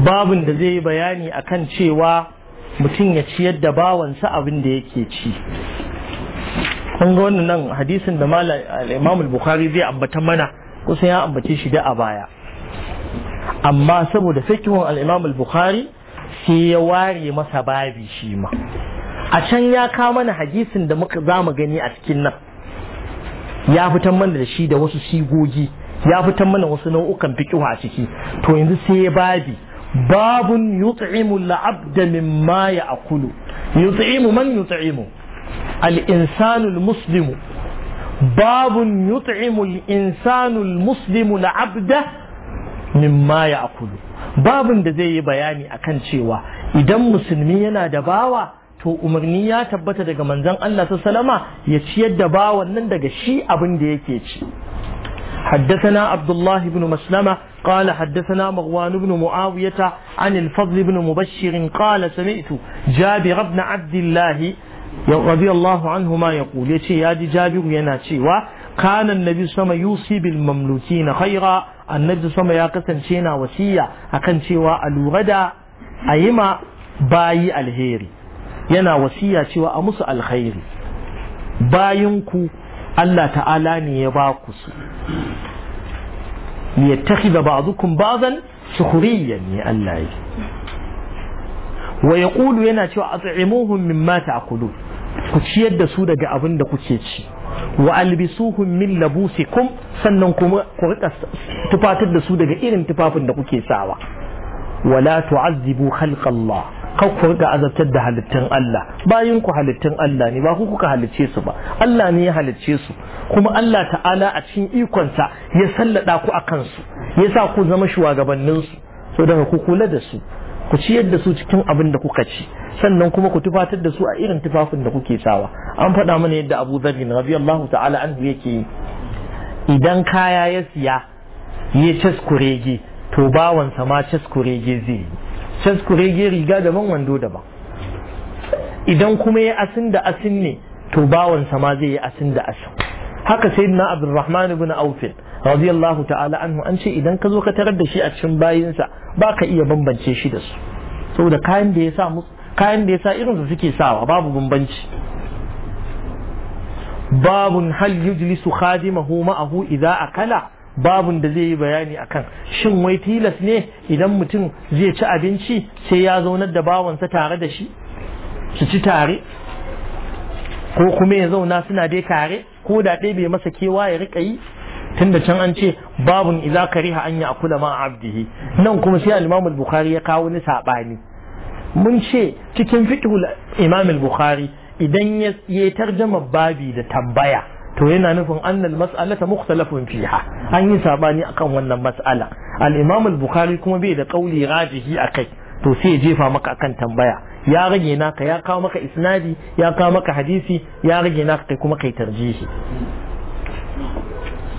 babin da zai yi bayani akan cewa mutum ya ciyar da bawansa abin da yake ci kun ga wannan nan hadisin da imam bukhari zai ambata mana kusan ya ambace shi da a baya amma saboda fikihun al-imam bukhari sai ya ware masa babi shi ma a can ya kawo mana hadisin da muka za mu gani a cikin nan ya fitan mana da shi da wasu sigogi ya fitan mana wasu nau'ukan fikihu a ciki to yanzu sai ya babi babun yut'imu al'abda mimma ya'kulu yut'imu man yut'imu al-insanu al-muslimu babun yut'imu al-insanu al-muslimu al'abda mimma ya'kulu babun da zai yi bayani akan cewa idan musulmi yana da bawa to umarni ya tabbata daga manzon Allah sallama ya ciyar da bawan nan daga shi abin da yake ci حدثنا عبد الله بن مسلمة قال حدثنا مغوان بن معاوية عن الفضل بن مبشر قال سمعت جابر بن عبد الله رضي الله عنهما يقول يتي يا جابر يناتي كان النبي صلى الله عليه وسلم يوصي بالمملوكين خيرا النبي صلى الله عليه وسلم شينا وسيا أكن شيوا الغدا أيما باي الهيري ينا وسيا cewa a musu alkhairi bayanku Allah ta'ala ne ya ba ku su liyattakhidha ba zan shukuriya ne Allah ya wa yaqulu yana cewa mata a Kudu. ku ciyar da su daga abin da kuke ci wa albisuhum min kum sannan kuma ku rika tufatar da su daga irin tufafin da kuke sawa wala tu'azzibu khalqallah kakku ku azabtar da halittun Allah bayin ku halittun Allah ne ba kuka halicce su ba Allah ne ya halicce su kuma Allah ta'ala a cikin ikonsa ya sallada ku a kansu. ya sa ku zama shugabannin su so daga ku kula da su ku ciyar da su cikin abin da kuka ci sannan kuma ku tufatar da su a irin tufafin da kuke sawa an faɗa mana yadda Abu Dharr radiyallahu ta'ala anhu yake idan kaya ya siya ya caskurege to bawansa ma caskurege zai yi can kurege riga daban wando daban idan kuma ya asin da asin ne to bawansa ma zai yi asin da asin haka sayyidina abdurrahman ibn aufin radiyallahu ta'ala anhu an ce idan ka zo ka tarar da shi a cikin bayinsa ba ka iya bambance shi da su saboda kayan da ya sa kayan da ya sa irinsa suke sawa babu bambanci babun hal yujlisu khadimahu ma'ahu idza akala babun da zai yi bayani akan shin wai tilas ne idan mutum zai ci abinci sai ya zaunar da bawansa tare da shi su ci tare ko kuma ya zauna suna dai tare ko da ɗaya bai masa kewa ya rika yi tunda can an ce babun idza kariha an akula ma abdihi nan kuma sai al-Imam al-Bukhari ya kawo ni sabani mun ce cikin fiqhul Imam al-Bukhari idan ya tarjama babi da tambaya to yana nufin annal mas'alata mukhtalafun fiha an yi sabani akan wannan mas'ala al-imam al-bukhari kuma bai da qauli rajihi akai to sai ya jefa maka akan tambaya ya rage naka ya kawo maka isnadi ya kawo maka hadisi ya rage naka kai kuma kai tarjihi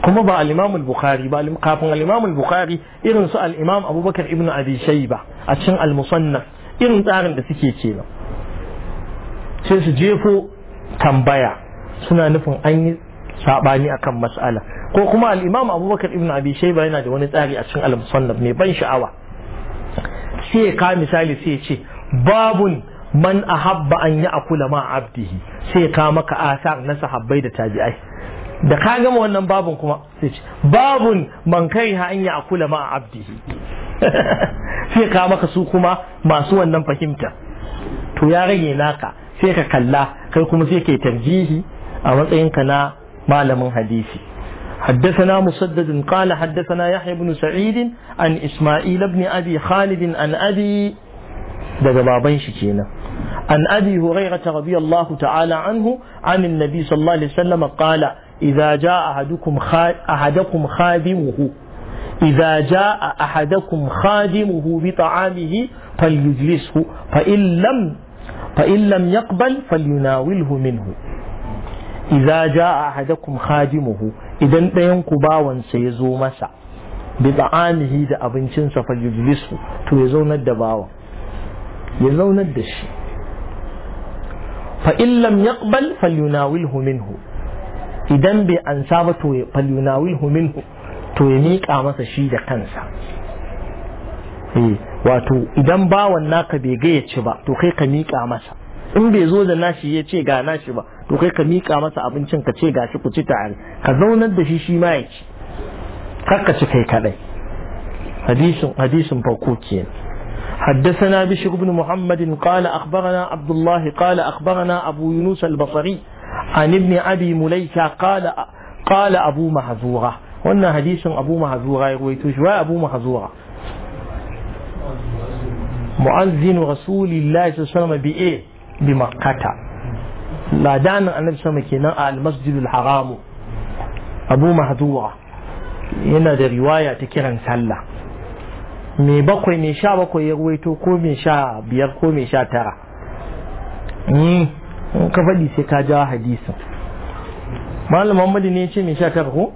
kuma ba al-imam al-bukhari ba kafin al-imam al-bukhari irin su al-imam abubakar ibn abi shayba a cikin al-musannaf irin tsarin da suke kenan sai su jefo tambaya suna nufin an yi sabani akan mas'ala ko kuma Al'imam abubakar ibn abi shayba yana da wani tsari a cikin al-musannaf mai ban sha'awa sai ka misali sai ce babun man ahabba an akula ma abdihi sai ka maka asar na sahabbai da tabi'ai da ka gama wannan babun kuma sai ce babun man kai ha an akula ma abdihi sai ka maka su kuma masu wannan fahimta to ya rage naka sai ka kalla kai kuma sai yi tarjihi a matsayinka na malamin hadisi حدثنا مسدد قال حدثنا يحيى بن سعيد عن إسماعيل بن أبي خالد عن أبي دبابين شكينا عن أبي هريرة رضي الله تعالى عنه عن النبي صلى الله عليه وسلم قال إذا جاء أحدكم أحدكم خادمه إذا جاء أحدكم خادمه بطعامه فليجلسه فإن لم فإن لم يقبل فليناوله منه idza jaa hadakum khadimuhu idan ɗayan ku bawansa ya zo masa bi da'anihi da abincinsa fa yujlisu to ya zaunar da bawan ya zaunar da shi fa in lam yaqbal falyunawilhu minhu idan bai ansa ba to falyunawilhu minhu to ya miƙa masa shi da kansa wato idan bawan naka bai gaya ci ba to kai ka miƙa masa in bai zo da nashi ya ce ga nashi ba to kai ka miƙa masa abincin ka ce gashi ku ci tare ka zaunar da shi shi ma ya ci kar ka ci kai kadai hadisin hadisin farko kenan حدثنا بشر بن محمد قال أخبرنا عبد الله قال أخبرنا أبو يونس البصري عن ابن أبي مليكة قال قال أبو محزورة وأن حديث أبو محزورة يرويته شواء أبو محزورة مؤذن رسول الله صلى الله عليه وسلم بإيه بمكة ladanin annabi sama kenan a almasjidul haramu abu mahdura yana da riwaya ta kiran sallah mai bakwai mai sha bakwai ya ruwaito ko mai sha biyar ko mai sha tara in ka faɗi sai ka jawo hadisin malam muhammadu ne ce mai sha tara ko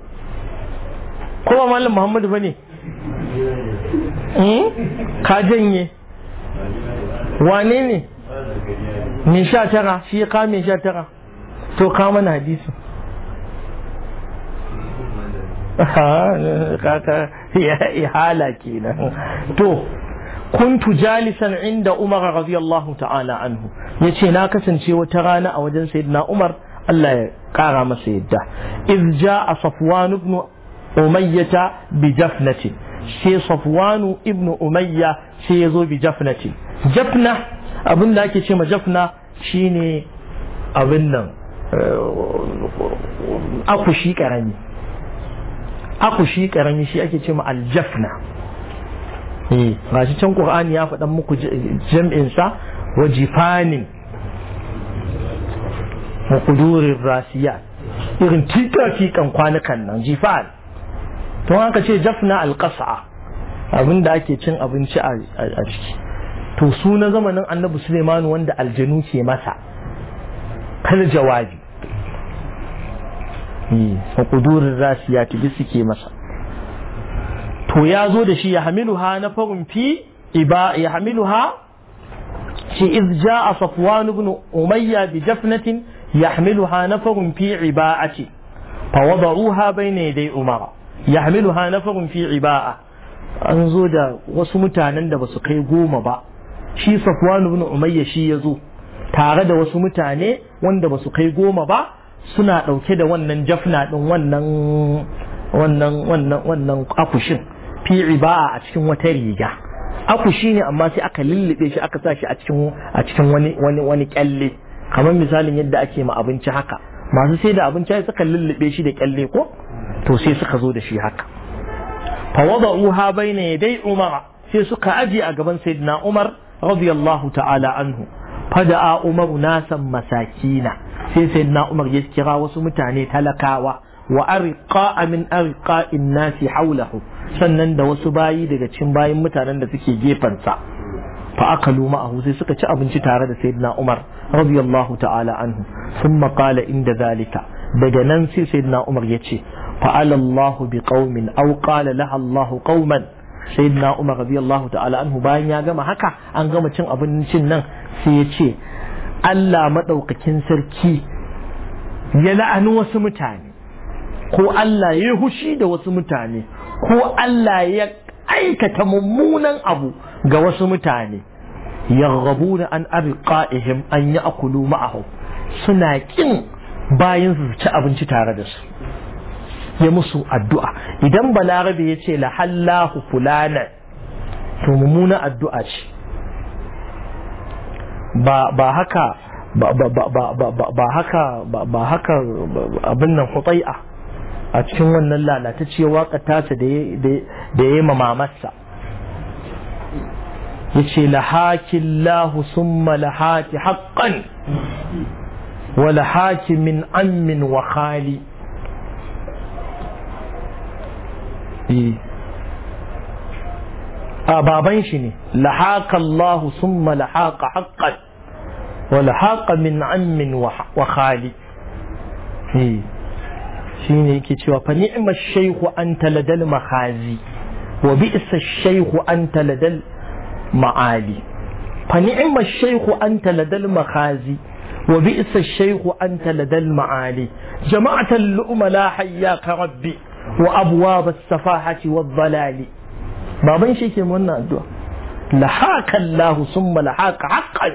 ko ba malam muhammadu ba ne ka janye wane ne me sha tara shi ya kama me sha tara to kama na hadisi kaka ihala kenan to kuntu jalisan inda umar radiyallahu ta'ala anhu yace na kasance wata rana a wajen sayyidina umar Allah ya kara masa yadda iz jaa safwan ibn umayyah bi jafnati sai safwan ibn umayya sai yazo bi jafnati jafna abin da ake ce ma jafna shine abin nan eh, akushi karami akushi karami shi ake ce ma aljafna hmm. gashi can qur'ani ya faɗan muku jam'in sa wa jifanin wa qudurir rasiyat irin tika kwanukan nan jifan to haka ce jafna alqasa abinda ake cin abinci a ciki to su na zamanin annabi Suleiman wanda aljanu ke masa kan jawabi eh, a kudurin rasiya ta suke masa to ya zo da shi ya ha na farin fi iba ya ha shi iz ja'a safwan ibn umayya bi jafnatin na farin fi iba'ati fa bai ne dai umara na farin fi iba'a an zo da wasu mutanen da ba su kai goma ba shi safwan ibn umayya shi ya zo tare da wasu mutane wanda ba su kai goma ba suna ɗauke da wannan jafna ɗin wannan wannan wannan wannan akushin fi riba a cikin wata riga akushi ne amma sai aka lullube shi aka sa shi a cikin a cikin wani wani wani kyalle kamar misalin yadda ake ma abinci haka masu sai da abinci suka lullube shi da kyalle ko to sai suka zo da shi haka fa wada'uha bayna yaday umar sai suka ajiye a gaban sayyidina umar radiyallahu ta'ala anhu fada'a umar nasan masakina sai sai na umar ya kira wasu mutane talakawa wa arqa min arqa haulahu sannan da wasu bayi daga cikin bayin mutanen da suke gefansa fa akalu a sai suka ci abinci tare da sayyidina umar radiyallahu ta'ala anhu thumma qala inda zalika daga nan sai sayyidina umar ya ce fa'ala bi qaumin aw qala laha allah qauman sayyidina Umar radiyallahu ta'ala anhu bayan ya gama haka an gama cin abincin nan sai ya ce Allah maɗaukakin sarki ya la'ani wasu mutane ko Allah ya hushi da wasu mutane ko Allah ya aikata mummunan abu ga wasu mutane da an arqa'ihim an ya'kulu ma'ahum suna ƙin bayan su ci abinci tare da su ya musu addu'a idan balarabe ya ce lahallahu fulana to mummuna addu'a ce ba haka ba haka ba haka abin nan hutai'a a cikin wannan lalatacciyar waka tasa da ya yi mamamarsa ya ce lahu summa lahaki haƙƙan wa lahaki min ammin wa khali أبابين إيه. آه، شني لحاق الله ثم لحاق حقا ولحاق من عم وخالي إيه. شني كي فنعم الشيخ أنت لدى المخازي وبئس الشيخ أنت لدى المعالي فنعم الشيخ أنت لدى المخازي وبئس الشيخ أنت لدى المعالي جمعت اللؤم لا حياك ربي wa abwab as-safahati wa Zalali. baban shi ke wannan addu'a lahaka Allah summa lahaka haqqan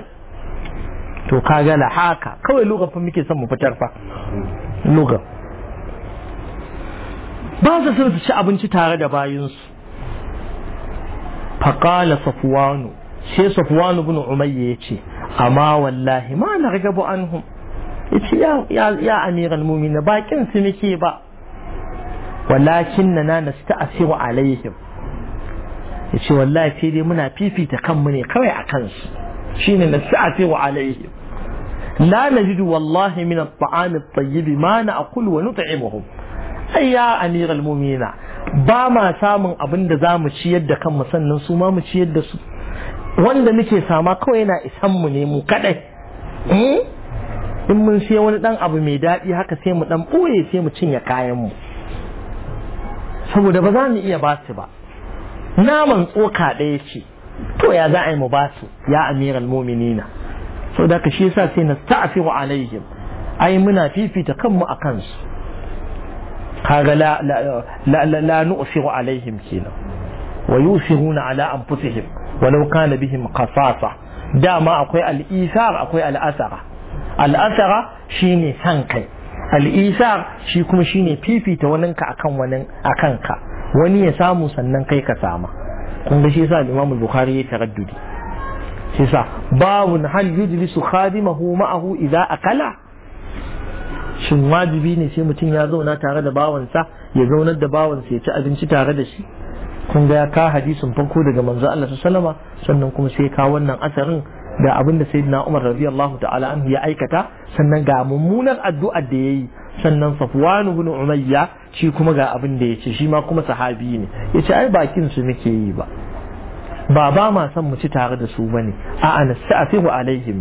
to kaga lahaka kawai lugar fa muke son mu fitar fa lugar ba su son su ci abinci tare da bayansu. faƙala safwanu sai safwanu bin umayya ya ce amma wallahi ma na rigabu anhum ya ya amiran mumina bakin su muke ba walakin na nasta'siru Ya ce wallahi sai dai muna fifita kanmu ne kawai a kansu shine nasta'siru alaihim la najidu wallahi min at-ta'ami at-tayyib ma na'kul wa nut'imuhum ai ya amiral mu'minina ba ma samun abin da zamu mu ciyar da kanmu sannan su ma mu ciyar da su wanda muke sama kawai yana isan mu ne mu kadai hmm? in mun siya wani dan abu mai daɗi haka sai mu dan ɓoye sai mu cinye kayan mu saboda ba za mu iya ba su ba naman tsoka ɗaya ce to ya za a yi mu ba su ya amiral muminina So da ka shi yasa sai na sta'afiru alaihim ai muna fifita kanmu a kansu kaga la la la la nu'siru alaihim kenan wa yusiruna ala anfusihim walau kana bihim qasasa dama akwai al'isar akwai al'asara al'asara shine san kai Al'isa shi kuma shine fifita waninka akan wanin akan ka wani ya samu sannan kai ka sama kun ga shi yasa Imam Bukhari ya taraddudi shi yasa babun hal yujlisu khadimahu ma'ahu idza akala shin wajibi ne sai mutum ya zauna tare da bawansa ya zaunar da bawansa ya ci abinci tare da shi kun ga ka hadisin farko daga manzo Allah sallallahu sannan kuma sai ka wannan asarin da abin da sayyidina Umar radiyallahu ta'ala anhu ya aikata sannan ga mummunar addu'ar da yayi sannan Safwan ibn Umayya shi kuma ga abin da yace shi ma kuma sahabi ne yace ai bakin su muke yi ba ba ba ma san mu ci tare da su bane a anasta'fihu alaihim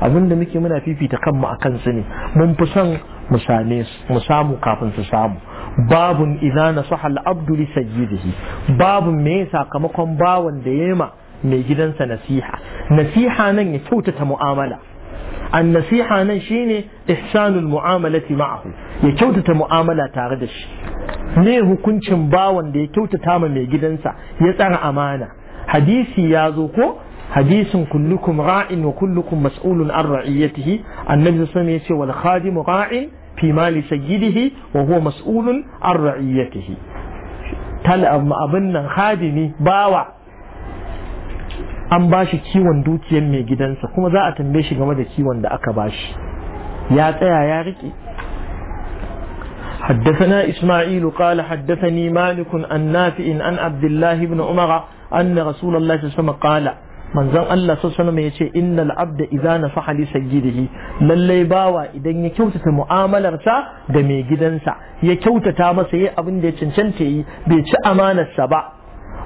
abin da muke muna fifita kanmu akan su ne mun fi son mu same mu samu kafin su samu babun idza nasaha al-abdu li sayyidihi babun me sakamakon bawan da yema mai gidansa nasiha nasiha nan ya kyautata mu'amala an nasiha nan shine ihsanul mu'amalati ma'ahu ya kyautata mu'amala tare da shi ne hukuncin bawan da ya kyautata ma mai gidansa ya tsara amana hadisi ya zo ko hadisin kullukum ra'in wa kullukum mas'ulun an ra'iyatihi annabi sallallahu ya ce wal khadimu ra'in fi mali sayyidihi wa huwa mas'ulun an ra'iyatihi tal abin nan khadimi bawa an ba shi kiwon dukiyar mai gidansa kuma za a tambaye shi game da kiwon da aka ba shi ya tsaya ya riƙe حدثنا إسماعيل قال حدثني مالك عن نافع عن عبد الله بن عمر أن رسول الله صلى الله عليه وسلم قال من زن الله صلى الله عليه وسلم يقول إن العبد إذا نصح لسيده للي باوا إذا يكوتة معاملة دمي جدنسا يكوتة تامسي أبن دي تنشنتي بيتش أمانة سبع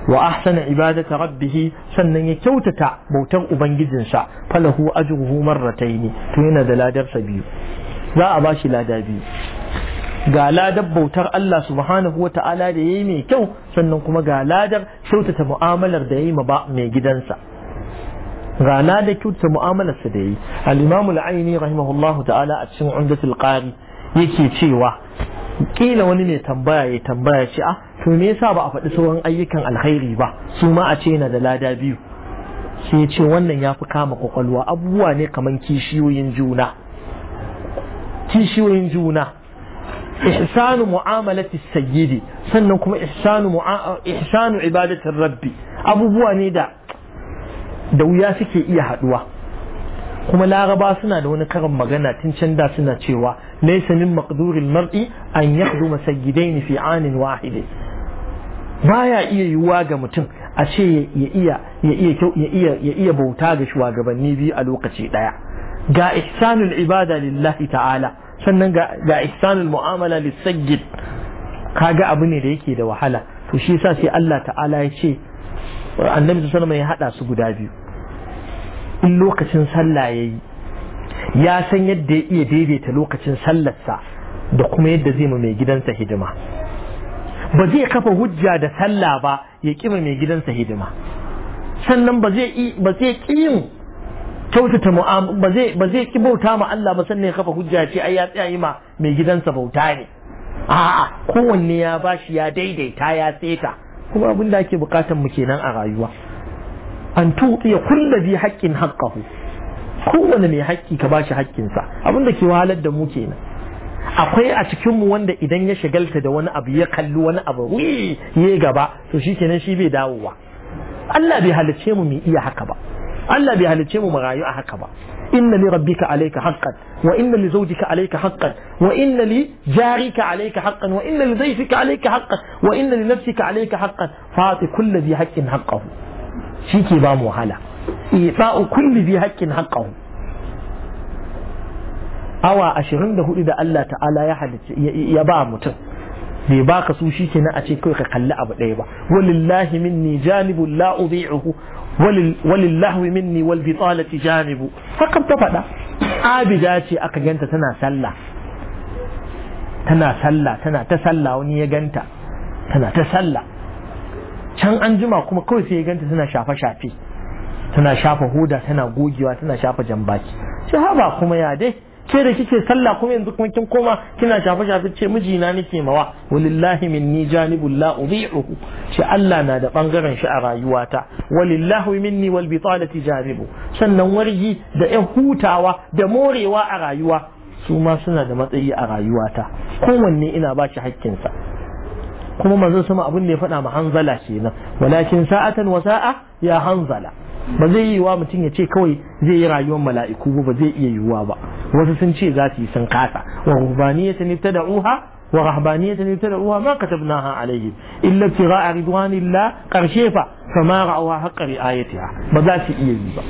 wa ahsana ibadata rabbihi sannan ya kyautata bautar ubangijinsa falahu ajruhu marrataini to yana da ladar sa biyu za a bashi lada biyu ga ladar bautar Allah subhanahu wa ta'ala da yayi mai kyau sannan kuma ga ladar kyautata mu'amalar da yayi ma mai gidansa ga ladar kyautata mu'amalar sa da yayi al-imamu al-aini rahimahullahu ta'ala a cikin umdatul qari yake cewa kila wani ne tambaya ya tambaya shi a? Ah, to me yasa ba a faɗi sauran ayyukan alkhairi ba su ma a ce yana da lada biyu sai ya ce wannan ya fi kama kwakwalwa abubuwa ne kamar kishiyoyin juna kishiyoyin juna ihsanu mu'amalati sayyidi sannan kuma ihsanu ihsanu ibadatir rabbi abubuwa ne da da wuya suke iya haɗuwa. kuma laraba suna da wani karin magana tun can da suna cewa laysa min maqduril mar'i an yakhduma sayyidaini fi anin wahid baya iya yiwuwa ga mutum a ce ya iya ya iya ya iya ya iya bauta ga shugabanni biyu a lokaci daya ga ihsanul ibada lillahi ta'ala sannan ga ga ihsanul mu'amala lisayyid kaga abu ne da yake da wahala to shi yasa sai Allah ta'ala ya ce annabi sallallahu alaihi wasallam ya hada su guda biyu in lokacin sallah ya yi ya san yadda ya iya daidaita lokacin sallarsa da kuma yadda zai ma mai gidansa hidima ba zai kafa hujja da sallah ba ya kima mai gidansa hidima sannan ba zai ba kyautata mu'amala ba zai ki bauta ma Allah ba sannan ya kafa hujja ce ai ya tsaya yi ma mai gidansa bauta ne a'a kowanne ya bashi ya daidaita ya tseta kuma abin da ake bukatan mu kenan a rayuwa an tuɗi kulla bi haƙƙin haƙƙahu kowane mai haƙƙi ka bashi haƙƙinsa abinda ke walar da mu kenan akwai a cikin mu wanda idan ya shagalta da wani abu ya kalli wani abu wi ya gaba to shikenan shi bai dawowa Allah bai halice mu mu iya haka ba Allah bai halice mu mu rayu a haka ba inna li rabbika alayka haqqan wa inna li zawjika alayka haqqan wa inna li jarika alayka haqqan wa inna li dayfika alayka haqqan wa inna li nafsika alayka haqqan fa ati kulli bi haqqin haqqahu shi ke ba mu wahala ifa'u kulli bi haqqin haqqahu awa 24 da Allah ta'ala ya halitta ya ba mutum bai baka su shi kenan a ce kai ka kalli abu ɗaya ba walillahi minni janibu la udhi'uhu walillahi minni wal bitalati janibu haka ta faɗa abida ce aka ganta tana sallah tana sallah tana ta sallah wani ya ganta tana ta sallah can an jima kuma kawai sai ya ganta tana shafa shafe tana shafa huda tana gogewa tana shafa jambaki ce haba kuma ya dai ke da kike sallah kuma yanzu kuma kin koma kina shafa shafe ce mijina nake mawa walillahi minni janibul la udhi'uhu shi Allah na da bangaren shi a rayuwata walillahi minni wal bitalati janibu sannan wargi da yan hutawa da morewa a rayuwa su ma suna da matsayi a rayuwata kowanne ina ba shi haƙƙinsa kuma manzon sama abin da ya faɗa ma hanzala kenan walakin sa'atan wa sa'a ya hanzala ba zai yi wa mutum ya ce kawai zai yi rayuwar mala'iku ba zai iya yiwuwa ba wasu sun ce za su yi sun kasa wa rubaniyatan ibtada'uha wa rahbaniyatan ibtada'uha ma katabnaha alayhi illa tira'a ridwanillah karshe fa fama ra'awa haqqa ri'ayatiha ba za su iya yi ba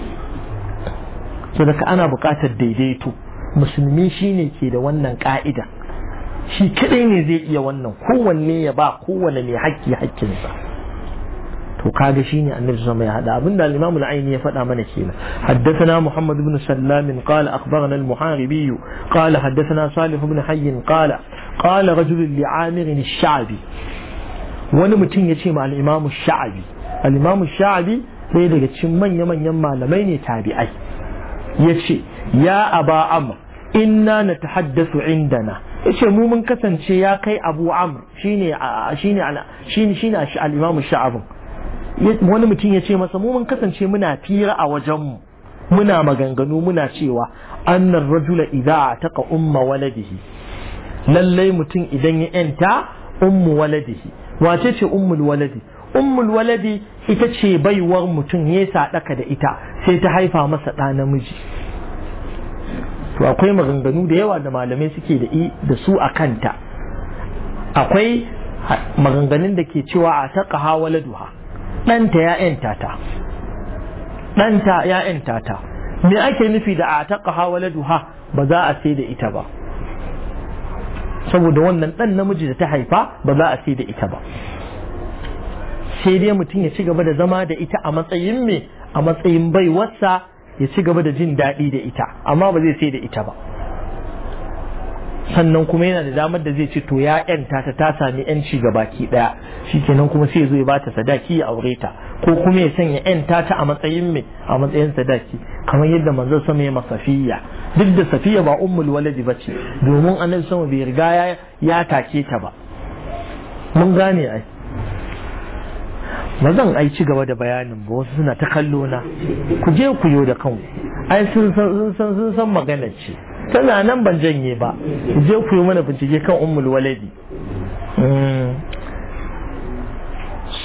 so daga ana buƙatar daidaito musulmi shine ke da wannan ka'ida shi kadai ne zai iya wannan kowanne ya ba kowanne mai haƙƙi haƙƙinsa to kaga shine annabi sama mai hada abinda al-imamu al-aini ya faɗa mana kenan haddathana muhammad ibn sallam qala akhbarana al-muharibi qala haddathana salih ibn hayy qala qala rajul li'amir al-sha'bi wani mutum ya ce ma al-imamu shabi al-imamu shabi sai daga cikin manya-manyan malamai ne tabi'ai ya ce ya aba amr inna natahaddathu indana yace mu mun kasance ya kai Abu Amr shine shine shine shine al-Imam Sha'ab wani mutum ya ce masa mu mun kasance muna fira a wajen mu muna maganganu muna cewa annar rajula idza taqa umma waladihi lallai mutum idan ya yanta ummu waladihi wace ce ummul waladi ummul waladi ita ce baiwar mutum ya sadaka da ita sai ta haifa masa ɗa namiji to akwai maganganu da yawa da malamai suke da da su a kanta akwai maganganun da ke cewa a ƙaha wala duha ɗanta ya ‘yanta ɗanta ya ‘yanta me ake nufi da a ƙaha wala duha ba za a sai da ita ba saboda wannan ɗan namiji da ta haifa ba za a sai da ita ba sai dai mutum ya ci gaba da zama da ita a matsayin me a matsayin baiwarsa ya ci gaba da jin daɗi da ita amma ba zai sai da ita ba sannan kuma yana da damar da zai ci to ya yanta ta ta sami yanci ga baki daya shikenan kuma sai zo ya bata sadaki ya aure ta ko kuma ya sanya yanta ta a matsayin me a matsayin sadaki kamar yadda manzon sama ya masafiya duk da safiya ba ummul waladi bace domin annabi sama bai riga ya take ta ba mun gane ai ba zan ai ci gaba da bayanin ba wasu suna ta kallo na ku je ku yo da kanku ai sun san sun san magana ce tana nan ban janye ba ku je ku yi mana bincike kan ummul waladi hmm.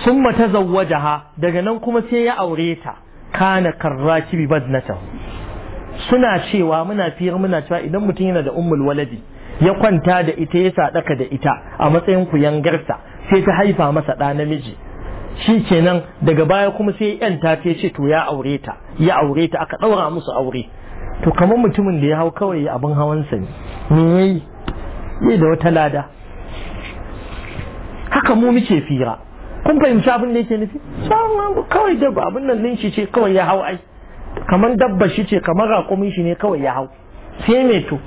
summa tazawwajaha daga nan kuma sai ya aure ta kana karrakibi badnata suna cewa muna fiyar muna cewa idan mutum yana da ummul waladi ya kwanta da ita ya sadaka da ita a matsayin ku yangarsa sai ta haifa masa ɗa namiji shi kenan daga baya kuma sai yan ta ce ce to ya aure ta ya aure ta aka ɗaura musu aure to kamar mutumin da ya hau kawai abin hawan sa ne me yayi yayi da wata lada haka mu muke fira kun fahimci abin da yake nufi kawai dabba abin nan shi ce kawai ya hau ai kamar dabba shi ce kamar raƙumin shi ne kawai ya hau sai me to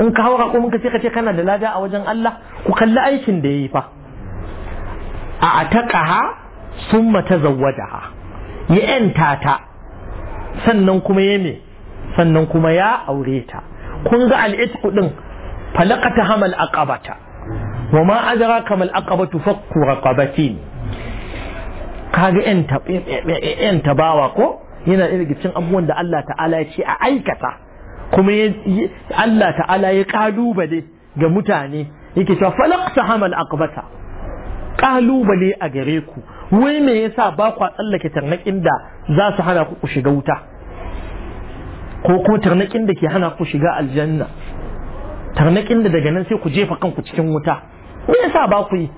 in ka hau raƙumin ka sai ka ce kana da lada a wajen Allah ku kalli aikin da yayi fa a ataqaha summa tazawwajaha ya yanta ta sannan kuma ya me sannan kuma ya aure ta kun ga kudin falaka ta hamal aqabata wa ma adraka mal aqabatu fakku ne kaga yanta yanta bawa ko yana da cikin abubuwan da Allah ta'ala ya ce a aikata kuma Allah ta'ala ya kalubale ga mutane yake cewa ta hamal aqbata kalubale a gare ku wai me yasa ba kwa tsallake tarnaƙin da za su hana ku shiga wuta ko kuma tarnaƙin da ke hana ku shiga aljanna tarnaƙin da daga nan sai ku jefa kanku cikin wuta me yasa ba ku yi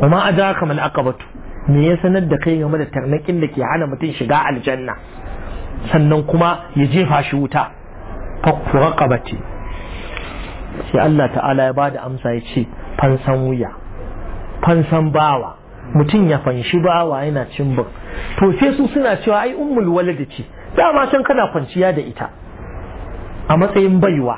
wa ma adraka mal me ya sanar da kai game da tarnaƙin da ke hana mutum shiga aljanna sannan kuma ya jefa shi wuta fakku raqabati sai Allah ta'ala ya bada amsa ya ce fansan wuya fansan bawa mutum ya fanshi bawa yana cin bin to sai su suna cewa ai ummul walada ce dama can kana kwanciya da ita a matsayin baiwa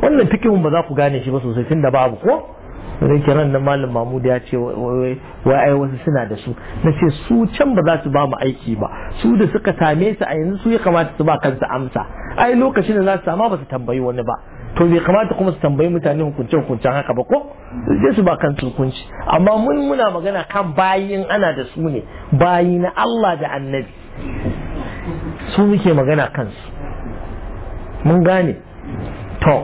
wannan fikihun ba za ku gane shi ba sosai tun da babu ko sai kiran nan malam Mahmud ya ce wai ai wasu suna da su na ce su can ba za su ba mu aiki ba su da suka same su a yanzu su ya kamata su ba kansu amsa ai lokacin da za su sama ba su tambayi wani ba to bai kamata kuma su tambayi mutane hukunce hukuncen haka ba ko sai su ba kan hukunci amma mun muna magana kan bayin ana da su ne bayi na Allah da annabi su muke magana kansu mun gane to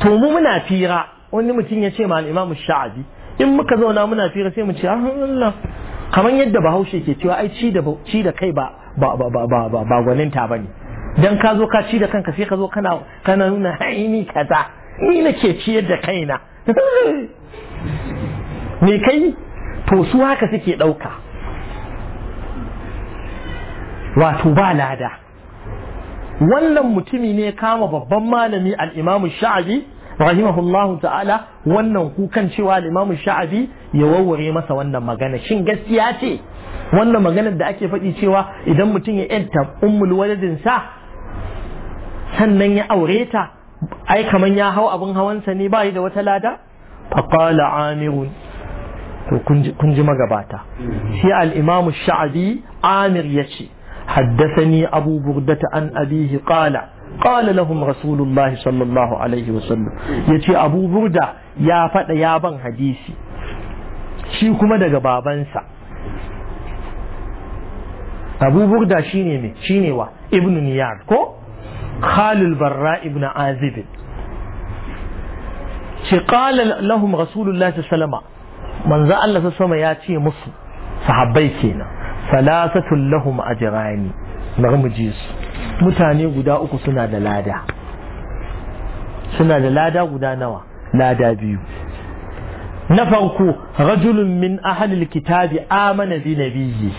to mu muna fira wani mutum ya ce ma al-imamu sha'abi in muka zauna muna fira sai mu ce ah, Allah kamar yadda bahaushe ke cewa ai ci da ci da kai ba ba ba ba ba gwaninta bane dan ka zo ka ci da kanka sai ka zo kana kana nuna ni kaza ni nake ciyar da kaina me kai to su haka suke ɗauka wato ba lada wannan mutumi ne kama babban malami al'imamu sha'abi rahimahullahu ta'ala wannan kukan cewa al'imamu sha'abi ya warware masa wannan magana shin gaskiya ce wannan maganar da ake faɗi cewa idan mutum ya yanta ummul sa sannan ya aure ta ai kaman ya hau abin hawansa ne bayi da wata lada faqala amirun kun ji magabata Sai al-imam sha'abi amir yace ni abu burdata an abihi qala qala rasulullahi sallallahu alaihi wa sallam yace abu burda ya fada ya ban hadisi shi kuma daga babansa abu shine ne shine wa ibnu niyar ko khalil barra ibn azib ce qala lahum rasulullahi sallallahu alaihi manzo Allah sallallahu ya ce musu sahabbai kenan salasatul lahum ajrani bari mu ji mutane guda uku suna da lada suna da lada guda nawa lada biyu na farko rajulun min ahalil kitabi amana bi nabiyyi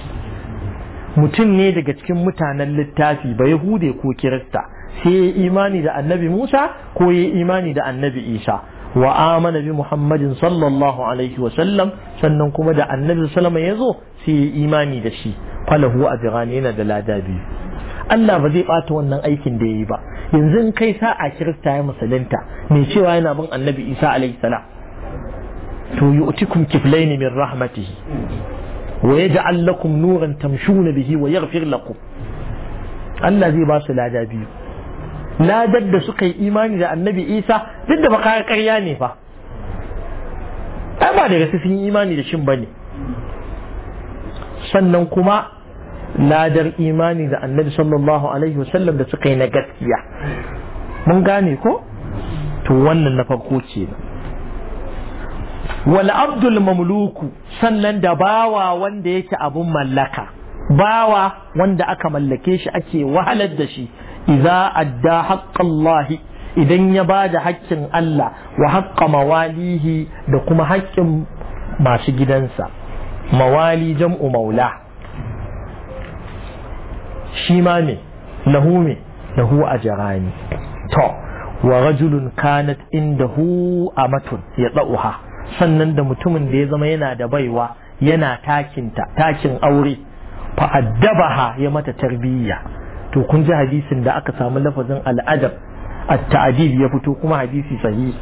mutum ne daga cikin mutanen littafi ba yahude ko kirista sai ya imani da annabi Musa ko ya imani da annabi Isa wa amana bi Muhammadin sallallahu alaihi wa sallam sannan kuma da annabi sallama ya zo sai ya imani da shi falahu a ajrani yana da lada biyu Allah ba zai bata wannan aikin da ya yi ba yanzu in kai sa'a kirista ya musulunta mai cewa yana bin annabi Isa alaihi salam to yu'tikum kiflaini min rahmatihi wa yaj'al lakum nuran tamshuna bihi wa yaghfir lakum Allah zai ba su lada biyu ladar da suka yi imani da annabi isa duk da baka karya ne fa ai ba daga sun yi imani da shin bane sannan kuma ladar imani da annabi sallallahu alaihi wasallam da suka yi na gaskiya mun gane ko to wannan na farko ce wal abdul mamluku sannan da bawa wanda yake abun mallaka bawa wanda aka mallake shi ake wahalar da shi iza adda haqqallahi idan ya ba da haƙƙin Allah wa haƙƙa mawalihi da kuma haƙƙin masu gidansa mawali jam'u maula shi ma me lahu me lahu a jarani to wa rajulun kanat indahu matun ya tsa'uha sannan da mutumin da ya zama yana da baiwa yana takinta takin aure fa'addabaha ya mata tarbiyya to kun ji hadisin da aka samu lafazin al'adab a tadib ya fito kuma hadisi sahi.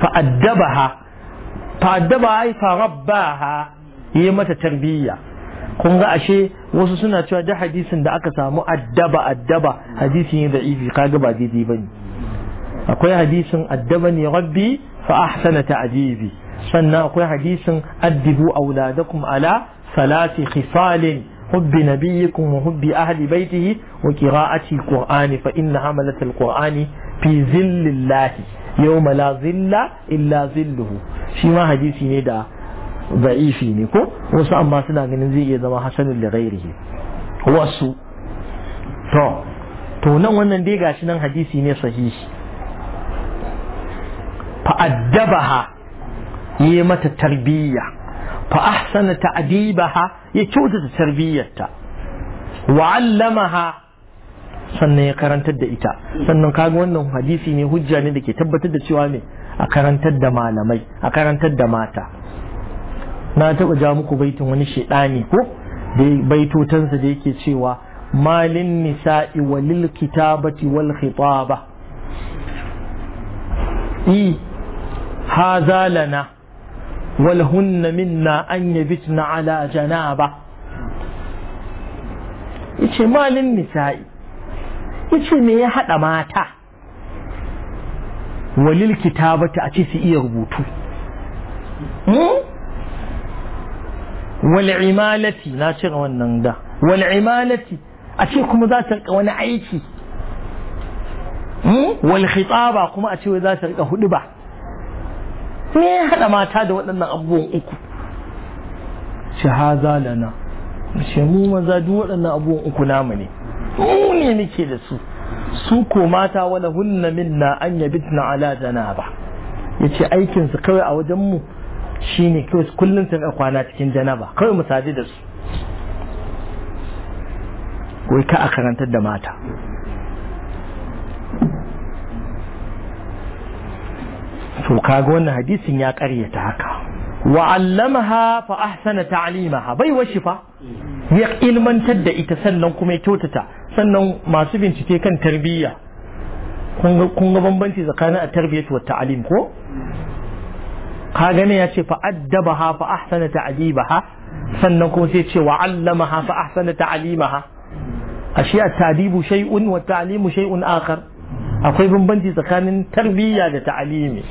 fa addabaha fa addabaha yi mata tarbiyya kun ga ashe wasu suna cewa da hadisin da aka samu addaba addaba hadisi ne da ifi kaga ba daidai bane akwai hadisin addaba ne rabbi fa ahsana ta'dibi sannan akwai hadisin addibu auladakum ala salati khisalin حب نبيكم وحب أهل بيته وقراءة القرآن فإن حملة القرآن في ظل الله يوم لا ظل إلا ظله شي حديثي ندا ضعيفي نكو وسا أما سنا ganin zai iya zama hasanun da ghairihi wasu to to nan wannan dai gashi nan hadisi ne sahihi fa addabaha yi mata tarbiyya fa ahsana ta'dibaha ya kyautata tarbiyyarta wa 'allamaha sannan ya karantar da ita sannan kaga wannan hadisi ne hujja ne da ke tabbatar da cewa ne a karantar da malamai a karantar da mata na taba ja muku baitin wani shedani ko da baitotansa da yake cewa malin nisa'i walil kitabati wal khitaba i haza walhunna minna an yabitna ala janaba yace malin nisa'i yace me ya haɗa mata walil kitabati a ce su iya rubutu hmm? wal imalati na cire wannan da wal a ce kuma za ta rika wani aiki hmm? wal ba kuma a ce za ta rika hudu ba me ya haɗa mata da waɗannan abubuwan uku shi haza lana ce mu maza duk waɗannan abubuwan uku namu ne mu ne muke da su su ko mata wala hunna minna an yabitna ala ba? yace aikin su kawai a wajen mu shine kawai kullun sun kwana cikin janaba kawai mu sadu da su wai ka a karantar da mata so kaga wannan hadisin ya ta haka wa allamaha fa ahsana ta'limaha bai washi fa ya ilmantar da ita sannan kuma ya kyautata sannan masu bincike kan tarbiyya kun ga bambanci tsakanin a tarbiyyatu wa ta'lim ko ka gane ya ce fa addabaha fa ahsana ta'dibaha sannan kuma sai ce wa allamaha fa ahsana ta'limaha ashiya tadibu shay'un wa ta'limu shay'un akhar akwai bambanci tsakanin tarbiyya da ta'alimi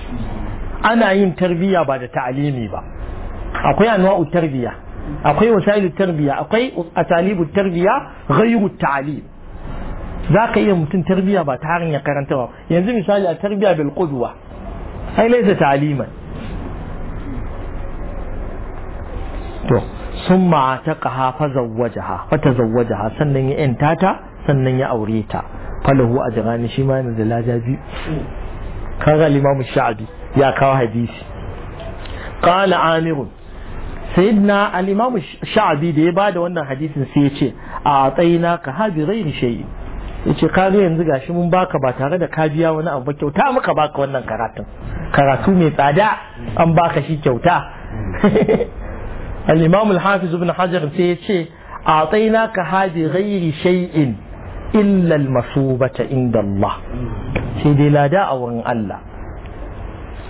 ana yin tarbiyya ba da ta'alimi ba akwai anwa'u tarbiyya akwai wasailu tarbiyya akwai atalibu tarbiyya ghayru ta'alim zaka iya mutun tarbiyya ba ta hanyar karanta ba yanzu misali a tarbiyya bil qudwa ai laysa ta'aliman to summa taqaha fa zawwajaha fa tazawwajaha sannan ya intata sannan ya aureta ta falahu ajran shi ma yana da lada biyu kan al-imam sha'bi ya kawo hadisi qala amirun sayyidina al sha'abi da ya ba da wannan hadisin sai ya ce a tsayina ka habi ghairi shay'in yace ka ga yanzu shi mun baka ba tare da ka biya wani abu kyauta muka baka wannan karatun karatu mai tsada an baka shi kyauta al-imam al-hafiz ibn hajar sai ya ce a tsayina ka habi ghairi shay'in Illal al-masubata inda Allah sai dai lada a wurin Allah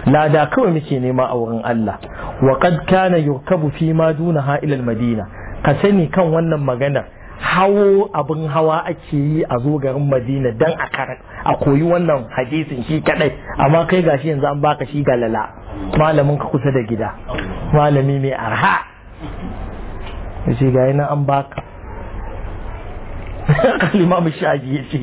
lada kawai muke nema a wurin Allah wa kad kana yurkabu fi ma duna ila al-madina ka sani kan wannan magana hawo abin hawa ake yi a zo garin Madina dan a koyi wannan hadisin shi kadai amma kai gashi yanzu an baka shi galala malamin ka kusa da gida malami mai arha shi ga nan an baka al'imamu shaji ya ce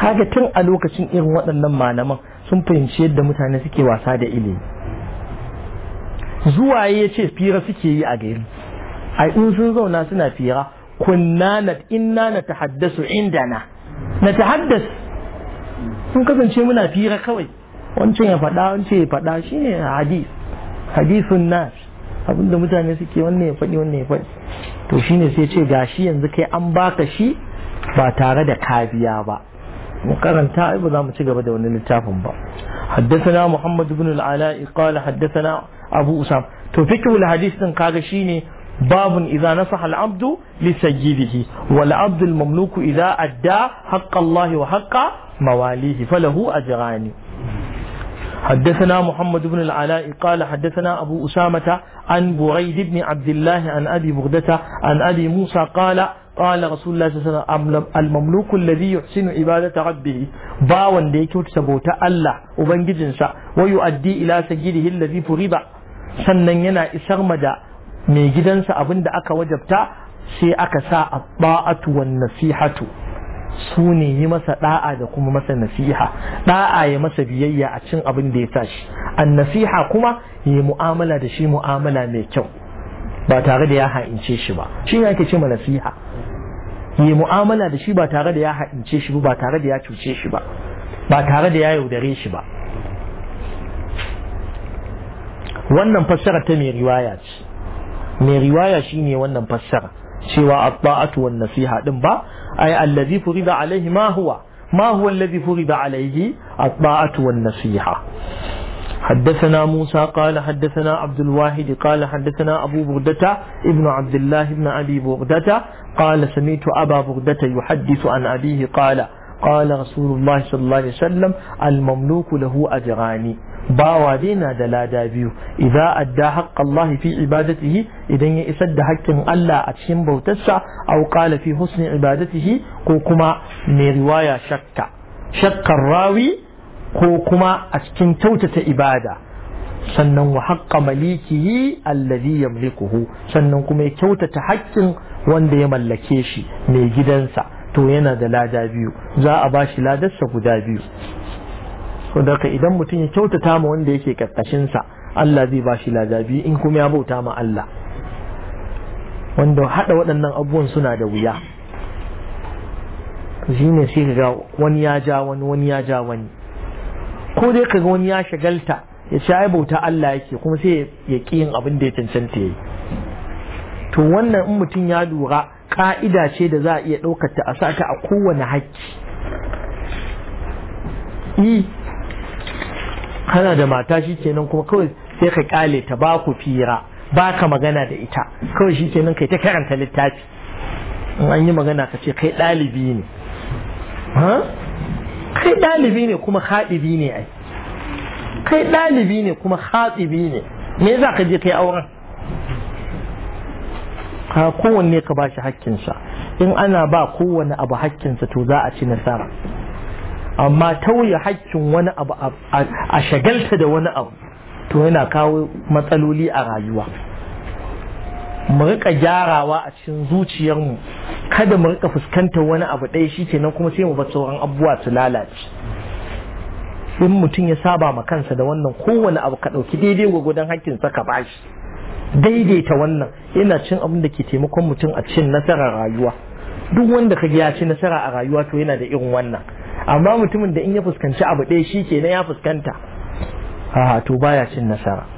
kaga tun a lokacin irin waɗannan malaman sun fahimci yadda mutane suke wasa da ilimi zuwa ya ce fira suke yi a gari ai in sun zauna suna fira kunna na inna na haddasa indana na tahaddas sun kasance muna fira kawai wancan ya faɗa wancan ya faɗa shine hadis hadisun abin abinda mutane suke wannan ya faɗi wannan ya faɗi to shine sai ce gashi yanzu kai an baka shi ba tare da kabiya ba karanta ai ba za mu ci gaba da wani littafin ba haddasana muhammad ibn al-ala qala haddathana abu usam to fikhul hadith din kaga shine babun idza nasaha al-abdu li sayyidihi wal abdu al-mamluku idza adda haqqa allahi wa haqqa mawalihi falahu ajrani حدثنا محمد بن العلاء قال حدثنا أبو أسامة عن بريد بن عبد الله عن أبي بغدة عن أبي موسى قال قال رسول الله صلى الله عليه وسلم المملوك الذي يحسن عبادة ربه باون da ya kyautata bauta Allah ubangijinsa wa yuaddi ila sayyidihi allazi furiba sannan yana isar ma da mai gidansa abinda aka wajabta sai aka sa a wan nasihatu su ne yi masa ɗa'a da kuma masa nasiha da'a ya masa biyayya a cin abin da ya sa shi an nasiha kuma ya mu'amala da shi mu'amala mai kyau ba tare da ya ha'ince shi ba Shin ya ake ce ma nasiha yi mu'amala da shi ba tare da ya haɗince shi ba tare da ya cuce shi ba ba tare da ya yaudare shi ba wannan fassara ta mai riwaya ce mai riwaya shine wannan fassara cewa at wan nasiha din ba ay allazi furida alaihi ma huwa ma huwa allazi furida alaihi at wan nasiha حدثنا موسى قال حدثنا عبد الواحد قال حدثنا أبو بغدة ابن عبد الله بن أبي بغدة قال سمعت أبا بغدة يحدث عن أبيه قال قال رسول الله صلى الله عليه وسلم المملوك له أجران bawa dai na da lada biyu idza adda haqqallahi fi ibadatihi idan ya isar da haƙƙin Allah a cikin bautarsa aw qala fi ko kuma mai riwaya shakka shakkan rawi ko kuma a cikin kyautata ibada sannan wa maliki yi alladhi yamlikuhu sannan kuma ya kyautata haƙƙin wanda ya mallake shi mai gidansa to yana da lada biyu za a ba shi ladarsa guda biyu daga idan mutum ya kyautata ma wanda yake ƙarƙashinsa Allah zai ba shi lada biyu in kuma ya bauta ma Allah wanda haɗa waɗannan abubuwan suna da wuya shine sai ga wani ya ja wani wani ya ja wani ko dai ka ga wani ya shagalta ya ci ai bauta Allah yake kuma sai ya ƙi yin abin da ya cancanta yayi to wannan in mutum ya lura ka'ida ce da za a iya ɗaukar ta a sa ta a kowane hakki kana da mata shi kenan kuma kawai sai ka kale ta ba ku fira ba ka magana da ita kawai shi kenan kai ta karanta littafi in an yi magana ka ce kai ɗalibi ne kai ɗalibi ne kuma haɗibi ne ai kai ɗalibi ne kuma haɗibi ne me za ka je kai auren ka kowanne ka bashi hakkinsa in ana ba kowanne abu hakkinsa to za a ci nasara amma tauye hakkin wani abu a shagalta da wani abu to yana kawo matsaloli a rayuwa mu rika gyarawa a cikin zuciyarmu kada mu rika fuskantar wani abu ɗaya shi ke nan kuma sai mu bar sauran abubuwa su lalace in mutum ya saba ma kansa da wannan kowane abu ka ɗauki daidai gwagwadon hakkin ka bashi daidaita wannan yana cin abin da ke taimakon mutum a cin nasara rayuwa duk wanda ka ya ci nasara a rayuwa to yana da irin wannan amma mutumin da in ya fuskanci abu ɗaya shi nan ya fuskanta a to baya cin nasara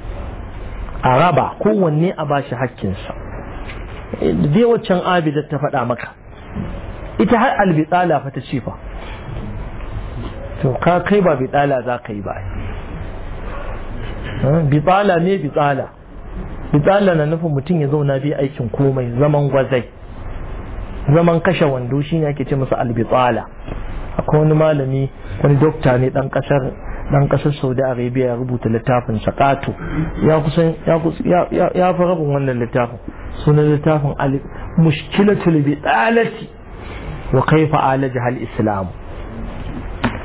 a raba kowanne a bashi hakkinsa Zai waccan abidat ta faɗa maka ita har albitsala fa ta ce fa to ka kai ba bitsala za ka yi ba bitsala ne bitsala bitsala na nufin mutum ya zauna bi aikin komai zaman gwazai zaman kashe wando shine ake ce masa albitsala akwai wani malami wani dokta ne dan kasar dan kasar saudi arabia ya rubuta littafin sakatu ya kusan ya fi rabin wannan littafin sunan littafin mushkilatul bidalati wa kaifa alaja hal islam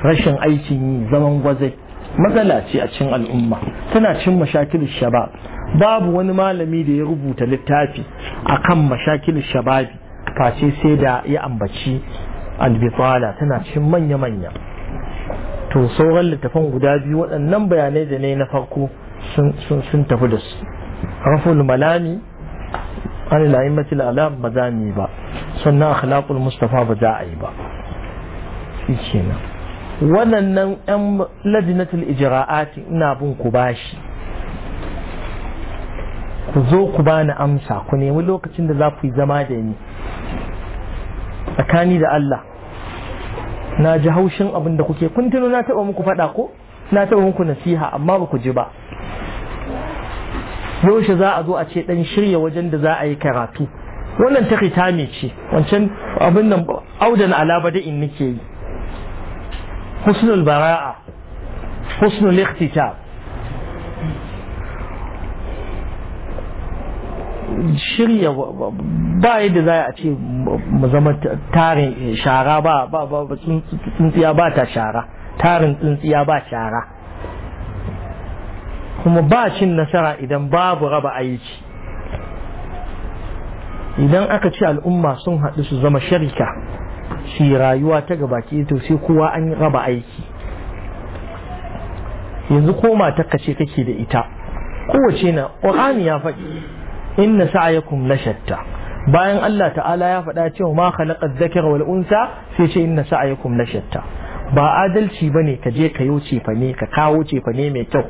rashin aikin yi zaman gwazai matsala ce a cikin al'umma tana cin mashakil shabab babu wani malami da ya rubuta littafi akan mashakil shababi face sai da ya ambaci albifala tana cin manya-manya to sauran littafan guda biyu waɗannan bayanai da ne na farko sun tafi da su raful malami an la'immati al'alam ba za mu yi ba sannan akhlaqul mustafa ba za a yi ba shi kenan waɗannan yan lajinatul ijra'ati ina bin ku bashi ku zo ku bani amsa ku nemi lokacin da za ku yi zama da ni tsakani da Allah na ji haushin abin da kuke kun na taɓa muku faɗa ko na taɓa muku nasiha amma ba ku ji ba yaushe za a zo a ce ɗan shirya wajen da za a yi karatu wannan ta me ce wancan abin nan audan alaba da in nake yi husnul bara'a husnul ikhtitab shirya ba yadda za a ce mu zama tarin shara ba ba ta shara tarin tsintsiya ba shara kuma ba cin nasara idan babu raba aiki idan aka ce al'umma sun haɗu su zama sharika shi rayuwa ta ke to sai kowa an raba aiki yanzu ko mata kace kake da ita kowace na ƙur'ani ya faɗi inna sa'yakum lashatta bayan Allah ta'ala ya faɗa cewa ma khalaqa dhakara wal unsa sai ce inna sa'yakum lashatta ba adalci bane ka je ka yoce fa ne ka kawo ce fa ne mai kyau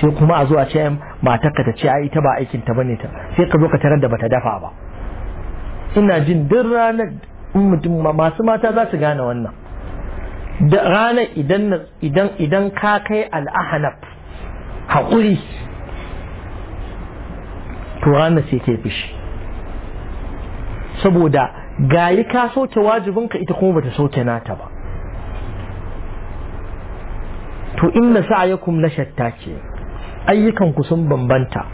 sai kuma a zo a ce matarka ta ce ai ta ba aikin ta bane ta sai ka zo ka tarar da bata dafa ba ina jin duk ranar mutum masu mata za su gane wannan da ranar idan idan idan ka kai al'ahanaf hakuri. to ranar sai ta fushi saboda gayi ka sauke wajibinka ita kuma bata sauke nata ba to inna sa'ayakum la shatta ce ayyukan ku sun bambanta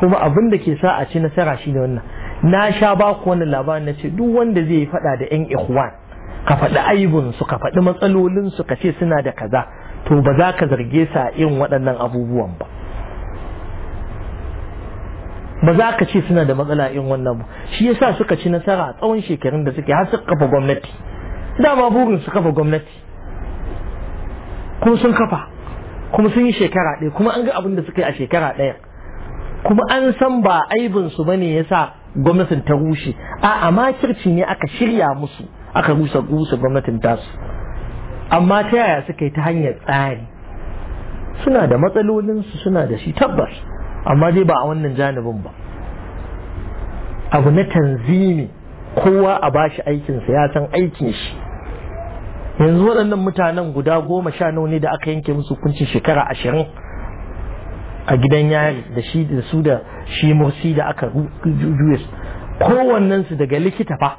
kuma abin da ke sa a ci nasara shine wannan na sha ba ku wannan labarin na ce duk wanda zai faɗa da yan ikhwan ka faɗi aibun su ka faɗi matsalolinsu su ka ce suna da kaza to ba za ka zarge sa irin waɗannan abubuwan ba ba za ka ce suna da matsala in wannan ba shi yasa suka ci nasara a tsawon shekarun da suke har suka kafa gwamnati dama burin su kafa gwamnati kuma sun kafa kuma sun yi shekara ɗaya kuma an ga abin da suka yi a shekara ɗaya kuma an san ba aibin su bane yasa gwamnatin ta rushe a kirci ne aka shirya musu aka rusa rusa gwamnatin tasu amma ta yaya suka yi ta hanyar tsari suna da matsalolinsu suna da shi tabbas amma dai ba a wannan janibin ba abu na tanzimi kowa a bashi aikinsa ya san aikin shi yanzu waɗannan mutanen guda goma sha nawa ne da aka yanke musu hukuncin shekara ashirin a gidan yari da shi da su da shi mursi da aka juya kowannensu daga likita fa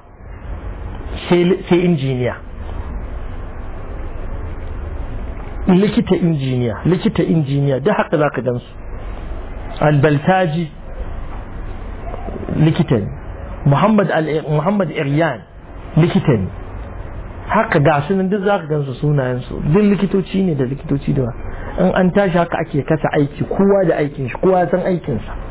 sai injiniya likita injiniya likita injiniya duk haka za ka gansu albaltaji likitan muhammad muhammad iryan likitan haka ga sunan duk zaka gansu sunayen su duk likitoci ne da likitoci da in an tashi haka ake kasa aiki kowa da aikin shi kowa san aikin sa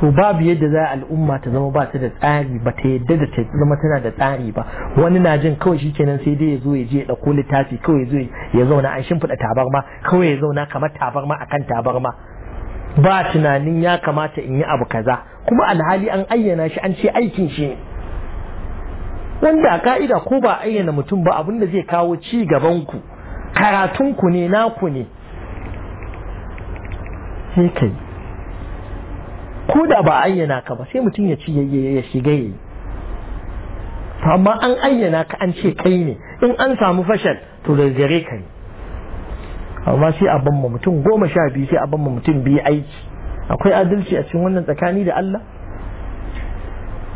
to babu yadda za al'umma ta zama ba ta da tsari ba ta yadda da ta zama tana da tsari ba wani na jin kawai shi kenan sai dai ya zo ya je ya ɗauko littafi kawai ya zo ya zauna an shimfiɗa tabarma kawai ya zauna kamar tabarma akan tabarma ba tunanin ya kamata in yi abu kaza kuma alhali an ayyana shi an ce aikin shi ne wanda a ka'ida ko ba ayyana mutum ba abin da zai kawo ci gaban ku karatun ku ne naku ne sai kai ko da ba ayyana ka ba sai mutum ya ci ya shiga yi amma an ayyana ka an ce kai ne in an samu fashal to da zare ka ne amma sai a banma mutum goma sha biyu sai a banma mutum biyu aiki akwai adalci a cikin wannan tsakani da Allah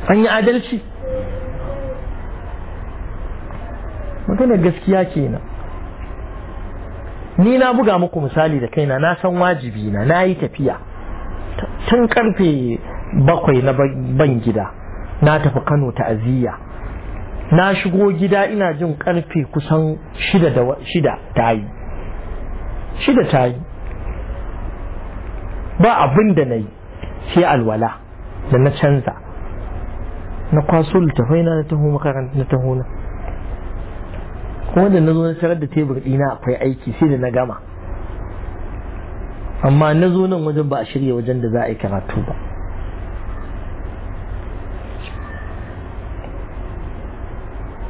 an yi adalci maganar gaskiya kenan ni na buga muku misali da kaina na san wajibi na na yi tafiya tun karfe bakwai na ban gida na tafi kano ta'aziyya na shigo gida ina jin karfe kusan shida shida ta yi shida ta yi ba abin da na yi sai alwala da na canza na kwaso littafai na taho makaranta na taho na kuma da na zo na tarar da tebur dina akwai aiki sai da na gama amma na zo nan wajen ba a shirya wajen da za a yi karatu ba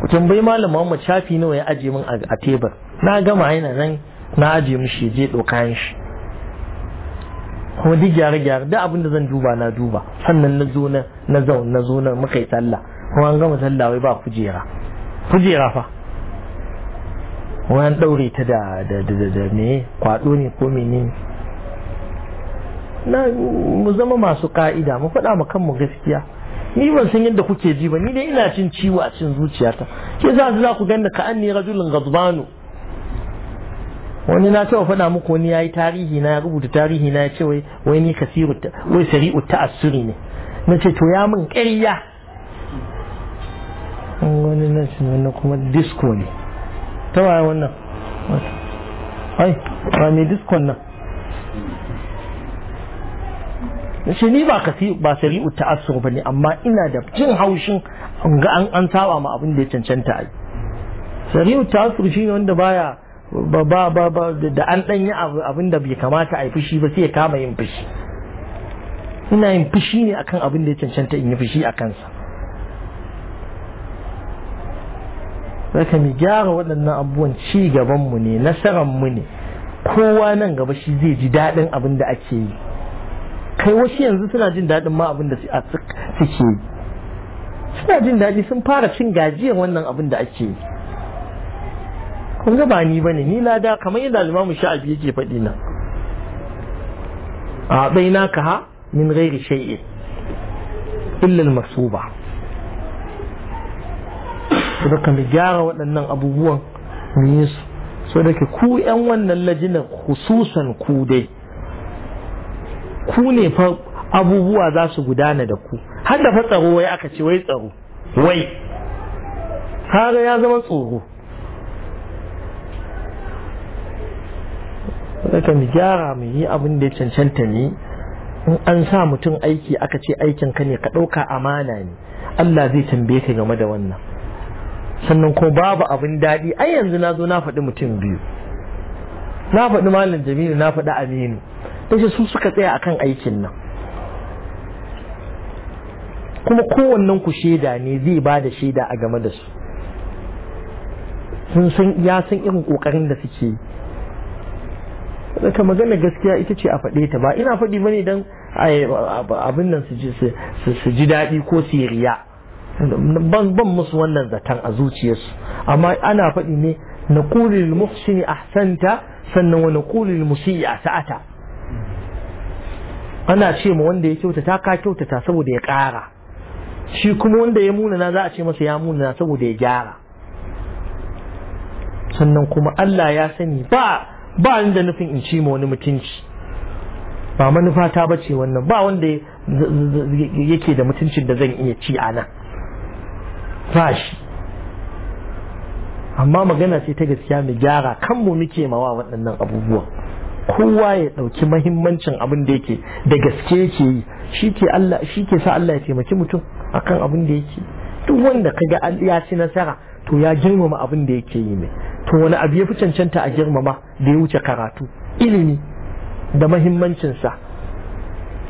ku tambayi malam mu shafi nawa ya aje min a tebur na gama yana nan na aje mishi je dokayen shi kuma duk gyare-gyare duk abin da zan duba na duba sannan na zo na na zaun na zo na muka yi kuma an gama sallah wai ba kujera kujera fa wani an daure ta da da da da me kwado ne ko menene mu zama masu ka'ida mu faɗa ma kanmu gaskiya ni ban san yadda kuke ji ba ni dai ina cin ciwo a cin zuciyata ke za su za ku ganda ka anni rajulun gazbanu wani na taɓa faɗa muku wani ya yi tarihi na ya rubuta tarihi na ya ce wai wai ni kasiru wai sari'u ta'assuri ne na ce to ya min ƙarya wani na ce wani kuma disco ne ta waye wannan ai ba mai diskon nan nace ni ba kasi ba sari'u ba bane amma ina da jin haushin in ga an an saba ma abin da ya cancanta ai sari'u shi ne wanda baya ba ba ba da an dan yi abin da bai kamata a yi fushi ba sai ya kama yin fushi ina yin fushi ne akan abin da ya cancanta in yi fushi a kansa zaka mu gyara waɗannan abubuwan ci gaban ne nasararmu ne kowa nan gaba shi zai ji daɗin abin da ake yi kai wasu yanzu suna jin daɗin ma abin da suke yi suna jin daɗi sun fara cin gajiyar wannan abin da ake yi kun ga ba ni bane ni lada kamar yadda limamu sha'abi yake faɗi na a na ka ha min ghairi shay'i illa masuba to mu gyara waɗannan abubuwan yi su so da ku yan wannan lajinar khususan ku dai ku ne fa abubuwa za su gudana da ku har da fa tsaro wai aka ce wai tsaro wai kaga ya zama tsoro Saka mu gyara mu yi abin da ya cancanta ne in an sa mutum aiki aka ce aikin ka ne ka ɗauka amana ne Allah zai tambaye ka game da wannan sannan ko babu abin daɗi ai yanzu na zo na faɗi mutum biyu na faɗi malam jamilu na faɗi aminu tashi su suka tsaya akan aikin nan kuma kowannen ku shaida ne zai ba da shaida a game da su sun san ya san irin kokarin da suke yi daga magana gaskiya ita ce a faɗe ta ba ina faɗi bane dan abin nan su ji daɗi ko su riya ban ban musu wannan zaton a zuciyarsu amma ana faɗi ne na kulil muhsini ahsanta sannan wa na kulil musii sa'ata. ana ce ma wanda ya kyautata ka kyautata saboda ya ƙara shi kuma wanda ya munana za a ce masa ya munana saboda ya gyara sannan kuma Allah ya sani ba ba ni da nufin in ci ma wani mutunci ba manufa ta bace wannan ba wanda yake da mutuncin da zan iya ci a nan ba shi amma magana ce ta gaskiya mu gyara kanmu muke mawa waɗannan abubuwan kowa ya ɗauki mahimmancin abin da yake da gaske yake yi shi ke sa Allah ya taimaki mutum akan abin da yake duk wanda kaga ya ci nasara to ya girmama abin da yake yi mai. to wani abu ya fi cancanta a girmama da ya wuce karatu ilimi da mahimmancinsa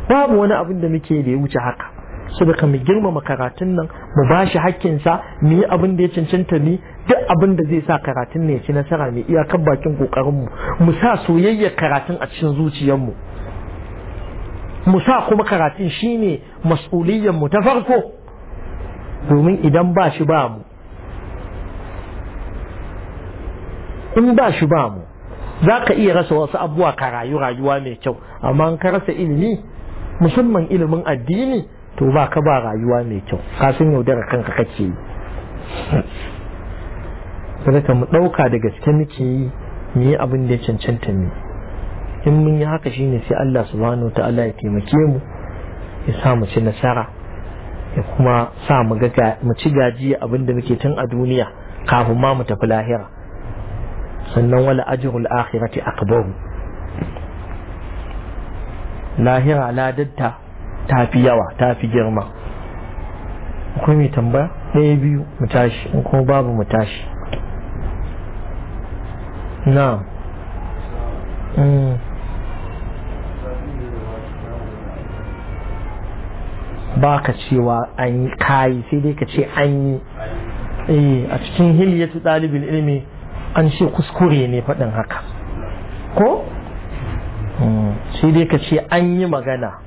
babu wani abin da muke da ya wuce haka saboda mu girmama karatun nan mu ba shi hakkinsa mu yi abin da ya cancanta ni duk abin da zai sa karatun ne ya ci nasara mai iyakar bakin kokarinmu mu sa soyayyar karatun a cikin zuciyarmu mu sa kuma karatun shine mas'uliyyarmu ta farko domin idan ba shi ba mu in ba shi ba mu za ka iya rasa wasu abubuwa ka rayu rayuwa mai kyau amma in ka rasa ilimi musamman ilimin addini to ba ka ba rayuwa mai kyau ka san yaudara kanka kake yi sadaka mu ɗauka da gaske muke yi mu yi abin da ya cancanta mu in mun yi haka shi ne sai Allah subhanahu ta'ala ya taimake mu ya sa mu ci nasara ya kuma sa mu ci gaji abin da muke tun a duniya kafin ma mu tafi lahira sannan wala ajrul akhirati akbaru lahira ladatta ta fi yawa ta fi girma akwai mai tambaya ɗaya biyu mu tashi in kuma babu mu tashi na mm. ba ka cewa an yi kayi sai dai ka ce an yi eh, a cikin hiliyatu ɗalibin ilimi an ce kuskure ne faɗin haka ko mm. sai dai ka ce an yi magana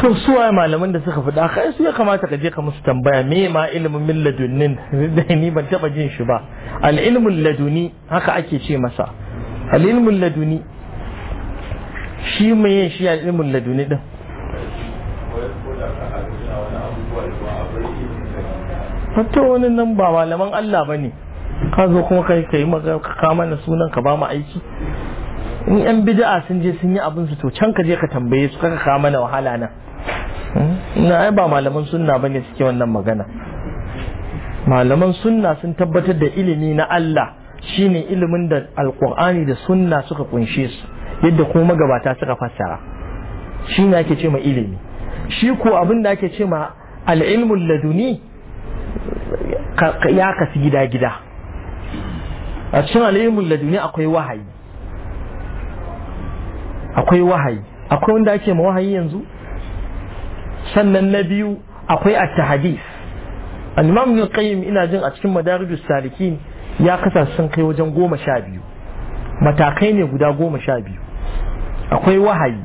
to wa malaman da suka faɗa kai su ya kamata ka je ka musu tambaya me ma ilimin min da ni ban taba jin shi ba al ilmul laduni haka ake ce masa al ilmul laduni shi me shi al ilmul laduni din hatta wani nan ba malaman Allah ba ne ka zo kuma ka yi ka mana sunan ka ba mu aiki in yan bid'a sun je sun yi abin su to can ka je ka tambaye su kaka kama mana wahala na? Hmm? ina ai ba malaman sunna bane suke wannan magana malaman sunna sun tabbatar da ilimi na Allah shine ilimin da alkur'ani da sunna suka kunshe su yadda kuma magabata suka fassara shine ake ce ma ilimi shi ko abin da ake ce ma al'ilmun laduni ya kasu gida-gida a cikin al'ilmun laduni akwai wahayi akwai wahayi akwai wanda ake ma wahayi yanzu sannan na biyu akwai a ta hadis al’imamun yin qayyim ina jin a cikin madarijus salikin ya kasa sun kai wajen goma sha biyu matakai ne guda goma sha biyu akwai wahayi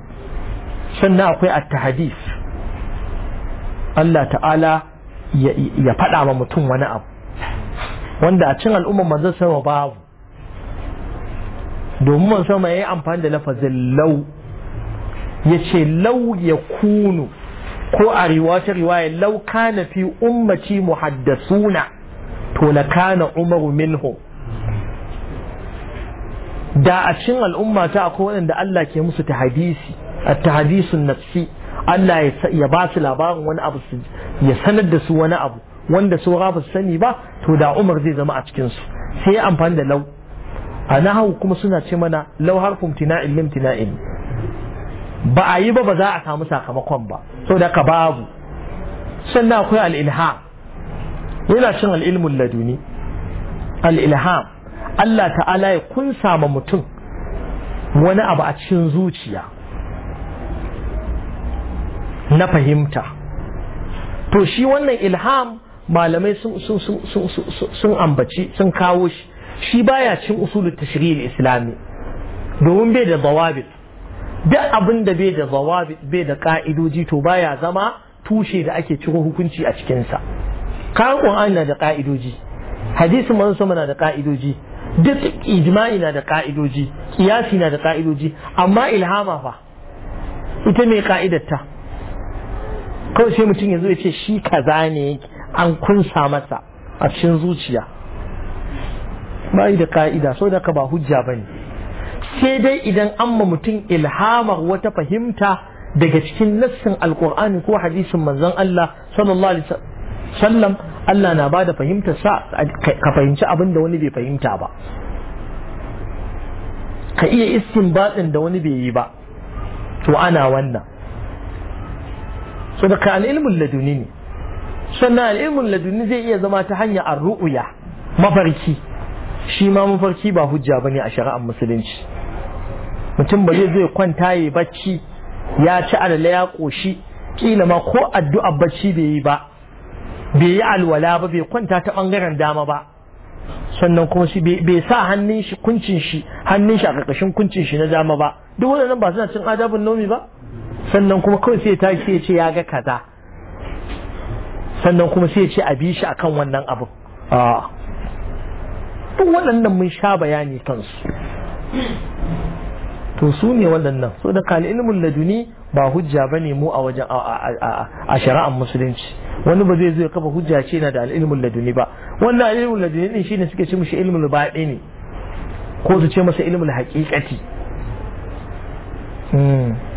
sannan akwai ta hadis Allah ta'ala ya faɗa ma mutum wani abu wanda a cin al'umma manzo sama babu domin man sama ya yi amfani da lafazin lau ya ce lau ya kunu ko a riwata riwaya lau kana fi ummaci muhaddasuna to la kana umaru minhu da a cin al'umma ta akwai waɗanda Allah ke musu ta hadisi a ta hadisun nafsi Allah ya ba su labarin wani abu ya sanar da su wani abu wanda saura ba su sani ba to da Umar zai zama a cikin su sai ya amfani da lau a nahawu kuma suna ce mana lau harfin tina'in lim tina'in ba a yi ba ba za a samu sakamakon ba da ka babu sannan akwai al-ilham yana cin al laduni al ilha Allah ta'ala ya kunsa ma mutum wani abu a cikin zuciya na fahimta to shi wannan ilham malamai sun ambaci sun kawo shi shi baya cin usulun tashri'il islami domin bai da zawabit duk abin da bai da zawabit bai da ka'idoji to baya zama tushe da ake ciro hukunci a cikinsa kayan ƙur'ani na da ka'idoji hadisin manzon na da ka'idoji duk ijma'i na da ka'idoji kiyasi na da ka'idoji amma ilhama fa ita ne ka'idarta kawai sai mutum yanzu ya ce shi kaza ne an kunsa masa a cikin zuciya bai da ka'ida sau da ka ba hujja ba ne sai dai idan an ma mutum ilhamar wata fahimta daga cikin nassin alkur'ani ko hadisin manzon Allah sallallahu alaihi sallam Allah na bada fahimta sa ka fahimci abin da wani bai fahimta ba ka iya iskin istinbatin da wani bai yi ba to ana wannan so ka al'ilmin laduni ne sannan al'ilmin laduni zai iya zama ta hanyar arru'uya mafarki shi ma mafarki ba hujja ba ne a shari'ar musulunci mutum ba zai kwanta ya bacci ya ci alala ya ƙoshi ƙila ma ko addu'a bacci bai yi ba bai yi alwala ba bai kwanta ta ɓangaren dama ba sannan kuma shi bai sa hannun shi kuncin shi hannun shi a ƙarƙashin kuncin shi na dama ba duk waɗannan ba suna cin adabin nomi ba sannan kuma kawai sai ta tashi ya ce ya ga kaza sannan kuma sai ya ce a bi shi akan wannan abu a duk waɗannan mun sha bayani kansu to su ne waɗannan so da kal ilmin laduni ba hujja ba ne mu a wajen a shari'ar musulunci wani ba zai zo ya kafa hujja ce na da ilmin laduni ba wannan ilmin laduni shi shine suke ce mishi ilmin baɗi ne ko su ce masa ilmin haƙiƙati hmm.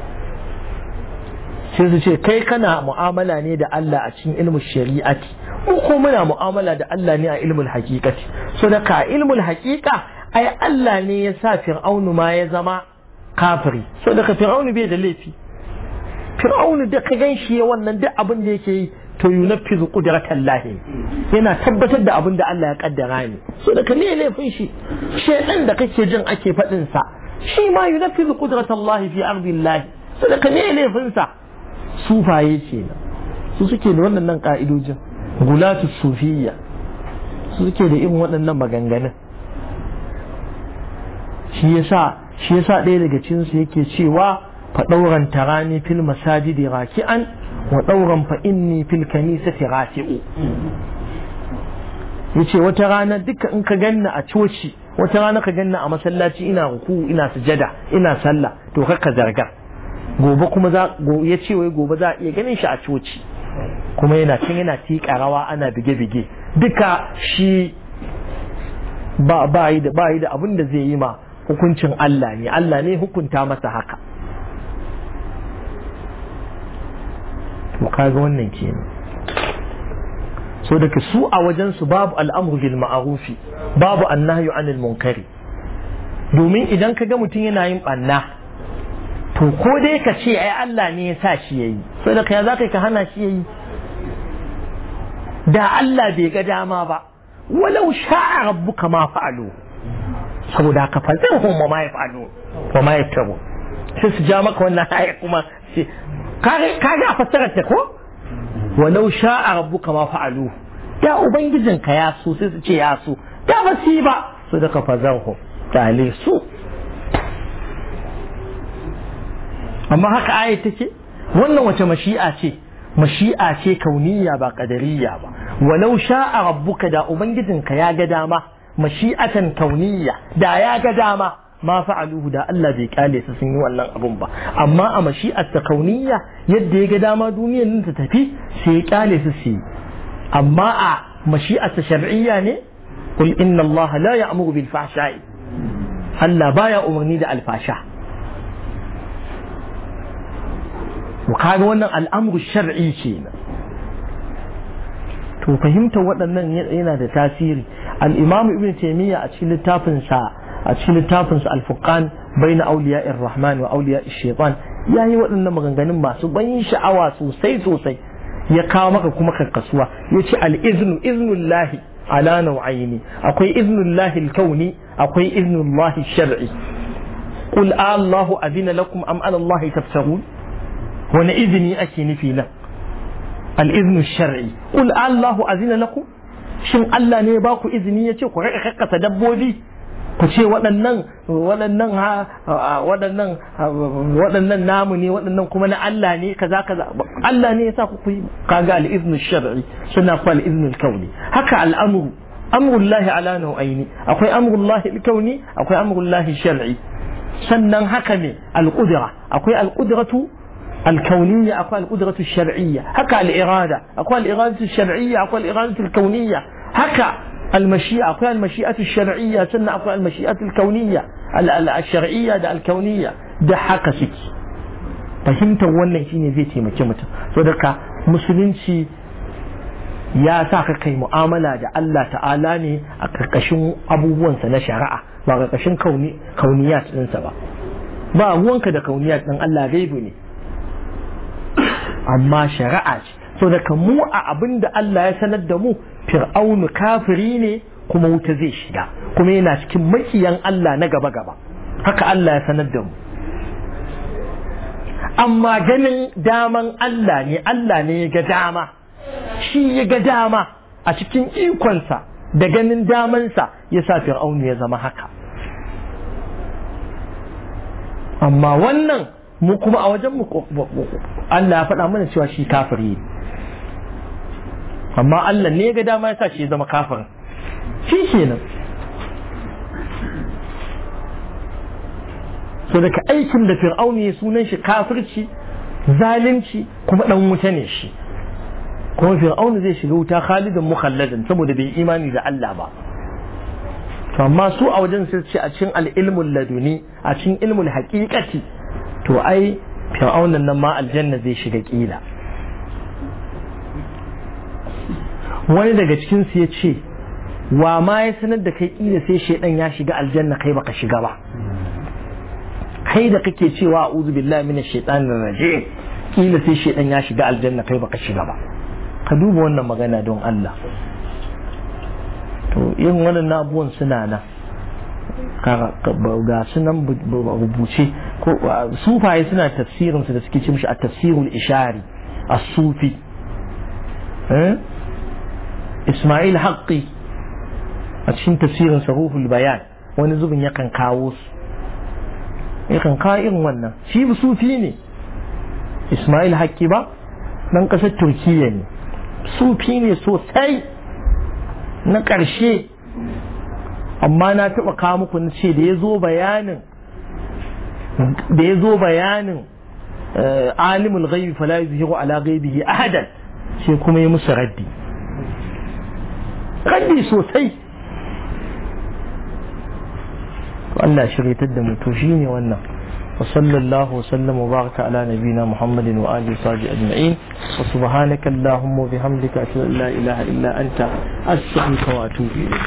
sai su ce kai kana mu'amala ne da Allah a cikin ilmin shari'ati mu ko muna mu'amala da Allah ne a ilmin hakikati? so da ka ilmin hakika? ai Allah ne ya sa fir'aunu ma ya zama kafiri so da ka fir'aunu bai da laifi fir'aunu da ka ganshi wannan duk abin da yake yi to yunaffizu qudratan lahi yana tabbatar da abin da Allah ya kaddara ne so da ka ne laifin shi shedan da kake jin ake faɗin sa shi ma yunaffizu qudratan lahi fi ardillahi so da ka ne laifin sa sufaye ce su suke da waɗannan ka'idojin gulatu sufiyya su suke da irin waɗannan maganganun shi yasa shi yasa ɗaya daga cinsu yake cewa fa ɗauran tarani fil masajidi raki'an wa ɗauran fa inni fil kanisati raki'u yace wata rana duka in ka ganna a coci wata rana ka ganna a masallaci ina ruku ina sujada ina sallah to kakka zargar. gobe kuma za ya ce wai gobe za a iya ganin shi a coci kuma yana cin yana tiƙa rawa ana bige-bige duka shi ba yi da ba yi da abin da zai yi ma hukuncin Allah ne Allah ne hukunta masa haka to kaga wannan ke ne so daga su a wajen su babu al'amru bil ma'arufi babu annahyu anil munkari domin idan kaga mutum yana yin banna to ko dai ka ce ai Allah ne ya sa shi yayi sai da kai za ka hana shi yayi da Allah bai ga dama ba walau sha'a rabbuka ma fa'alu saboda ka fazin hu ma fa'alu wa ma yaftaru sai su ja maka wannan aya kuma kage kage a fassarar ta ko walau sha'a rabbuka ma fa'alu da ubangijinka ya so sai su ce ya so da ba su ba so da ka fazan hum tale su amma haka ayat take wannan wace mashi'a ce mashi'a ce kauniyya ba qadariyya ba walau sha'a rabbuka da ubangijinka ya ga dama mashi'atan kauniyya da ya ga dama ma fa'aluhu da Allah bai kyale su sun yi wannan abun ba amma a mashi'ar ta kauniyya yadda ya ga dama duniyar nan ta tafi sai ya kyale su su yi amma a mashi'ar ta shar'iyya ne qul inna Allah la ya'muru bil fahsha'i Allah baya umarni da alfasha kaga wannan al'amru shar'i ce to fahimtar waɗannan yana da tasiri al ibn taimiyya a cikin littafin a cikin littafinsa sa bai na auliya rahman wa awliya'ish ya yayi waɗannan maganganun masu ban sha'awa sosai sosai ya kawo maka kuma karkasuwa yace al-iznu iznullahi ala nau'aini akwai iznullahi al akwai iznullahi shar'i قل آه الله أذن لكم أم على الله تفترون wani izini ake nufi nan al-iznu shar'i qul Allahu azina lakum shin Allah ne ba ku izini ya ce ku rika kakkata dabbobi ku ce waɗannan waɗannan waɗannan waɗannan namu ne waɗannan kuma na Allah ne kaza kaza Allah ne yasa ku yi kaga al-iznu shar'i suna fa al-iznu kauni haka al-amru amrullahi ala nau'aini akwai amrullahi al-kauni akwai amru amrullahi shar'i sannan haka ne al-qudra akwai al-qudratu الكونية أقوى القدرة الشرعية هكا الإرادة أقوال الإرادة الشرعية أقوال الإرادة الكونية هكا المشيئة أقوى المشيئة الشرعية سنة أقوى المشيئة الكونية الشرعية ده الكونية ده هكا سكي فهمت وانا يتيني ذيتي مجمتا فذلك مسلم شي يا ساقي مؤاملة ده الله تعالى ني أقرقشون أبوان سنة شرعة وأقرقشون كوني كونيات ننسبة ba ruwanka da kauniya dan Allah gaibu amma shari'a ce so daga mu a abin da Allah ya sanar da mu fir'aunu kafiri ne kuma wuta zai shiga kuma yana cikin makiyan Allah na gaba gaba haka Allah ya sanar da mu amma ganin daman Allah ne Allah ne ya ga dama shi ya ga dama a cikin ikonsa da ganin damansa ya sa fir'aunu ya zama haka amma wannan mu kuma a wajen mu Allah ya faɗa mana cewa shi kafiri ne amma Allah ne ga dama ya sa shi ya zama kafirin shi kenan so daga aikin da fir'auni ya sunan shi kafirci zalunci kuma dan wuta ne shi kuma fir'auni zai shiga wuta khalidan mukhalladan saboda bai imani da Allah ba to amma su a wajen sai ce a cikin al-ilmul laduni a cikin ilmul haqiqati to ai fir'aunan nan ma aljanna zai shiga kila wani daga cikin su ya ce wa ma ya sanar da kai kila sai shaidan ya shiga aljanna kai baka shiga ba kai da kake cewa a'udhu billahi minash shaitanir rajim kila sai shaidan ya shiga aljanna kai baka shiga ba ka duba wannan magana don Allah to yin wannan abubuwan suna nan ga sunan rubuce ko sufaye suna tafsirinsu da suke ce mishi a tafsirul ishari a sufi eh? ismail haƙƙi a cikin tafsirin ruhul bayan wani zubin yakan kawo su yakan kawo irin wannan shi sufi ne ismail haƙƙi ba dan ƙasar turkiyya ne sufi ne sosai na ƙarshe amma na taɓa kawo muku na ce da ya zo bayanin da ya bayanin alimul ghaibi fala yuzhiru ala ghaibihi ahadan shi kuma ya musu raddi raddi sosai Allah shi shiryatar da mutu to shine wannan وصلى الله وسلم وبارك على نبينا محمد وآله وصحبه أجمعين وسبحانك اللهم وبحمدك أشهد أن لا إله إلا أنت أستغفرك وأتوب إليك